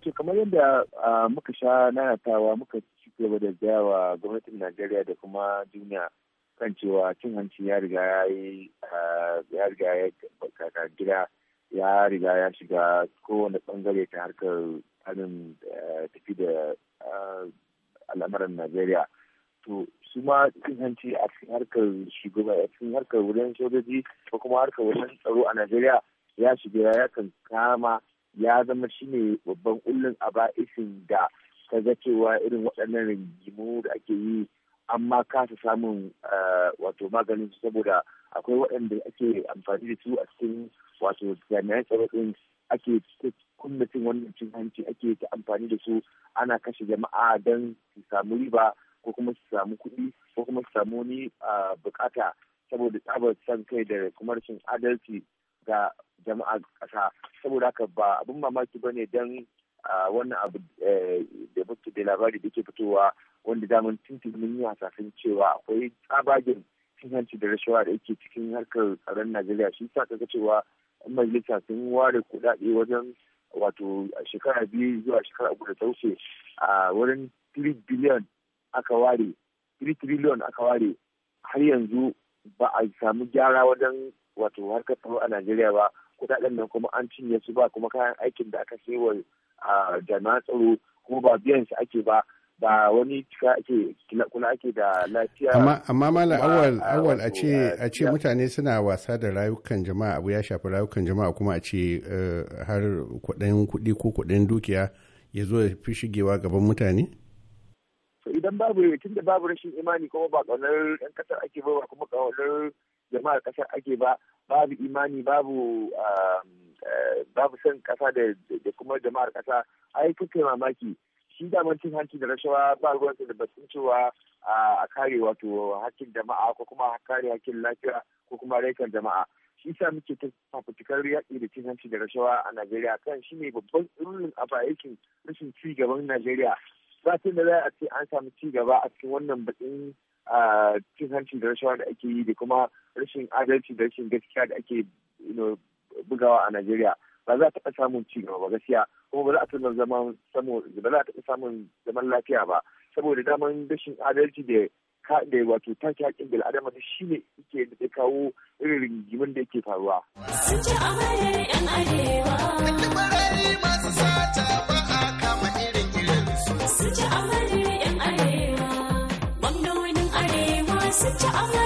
to kamar yadda muka sha nanatawa muka ci gaba da jawa gwamnatin najeriya da kuma duniya kan cewa cin hanci ya riga ya yi ya riga ya kaka gida ya riga ya shiga kowane bangare ta harkar hannun tafi da al'amuran najeriya to su ma cin hanci a cikin harkar shugaba a cikin harkar wurin sojoji ko kuma harkar wurin tsaro a najeriya ya shiga ya kan kama ya zama shine babban kullun a ba'isin da ka ga cewa irin waɗannan rigimu da ake yi an ma kasa samun eh, wato maganin su saboda akwai waɗanda ake amfani da su a cikin wato jami'an tsaro ɗin ake kunna cin wannan cin hanci ake ta amfani da su ana kashe jama'a don su samu riba ko kuma su samu kuɗi ko kuma su samu wani eh, bukata saboda tsabar san kai da kuma rashin adalci ga jama'a ƙasa saboda haka ba abin mamaki ba ne don wannan abu eh, da mutu da labari da ke fitowa wanda damun tuntun mun yi hasafin cewa akwai tsabagen cin hanci da rashawa da yake cikin harkar tsaron najeriya shi sa kaga cewa majalisa sun ware kuɗaɗe wajen wato shekara biyu zuwa shekara uku da ta wuce a wurin 3 biliyan aka ware 3 aka ware har yanzu ba a samu gyara wajen wato harkar tsaro a Najeriya ba kudaden nan kuma an cinye su ba kuma kayan aikin da aka sewa a jami'an tsaro kuma ba biyan su ake ba ba wani cika ake kula ake da lafiya amma amma malam awal awal a ce a ce mutane suna wasa da rayukan jama'a abu ya shafi rayukan jama'a kuma a ce eh, har kuɗin kuɗi ko kuɗin dukiya ya zo fi shigewa gaban mutane idan babu tun da babu rashin imani kuma ba kaunar 'yan ƙasar ake ba kuma kaunar. jama'ar kasar ake ba babu imani babu um, eh, babu son ƙasa da kuma jama'ar ƙasa ai kuka mamaki shi daman cin hanci da rashawa ba ruwan da sun cewa a kare wato hakkin jama'a ko kuma a kare hakkin lafiya ko kuma raikan jama'a shi sa muke ta fafutukar yaƙi da cin hanci da rashawa a najeriya kan shi ne babban rurin a aikin rashin ci gaban najeriya ta da za a ce an samu ci gaba a cikin wannan batun a cin hanci da rashawa da ake yi da kuma rashin adalci da rashin gaskiya da ake bugawa a Najeriya ba za a taɓa samun ci gaba ba gaskiya kuma ba za a taɓa zaman ba za a taɓa samun zaman lafiya ba saboda daman rashin adalci da da wato take haƙƙin bil adama da shi yake da kawo irin rigimin da yake faruwa. Sun ci amare 'yan arewa. Sit your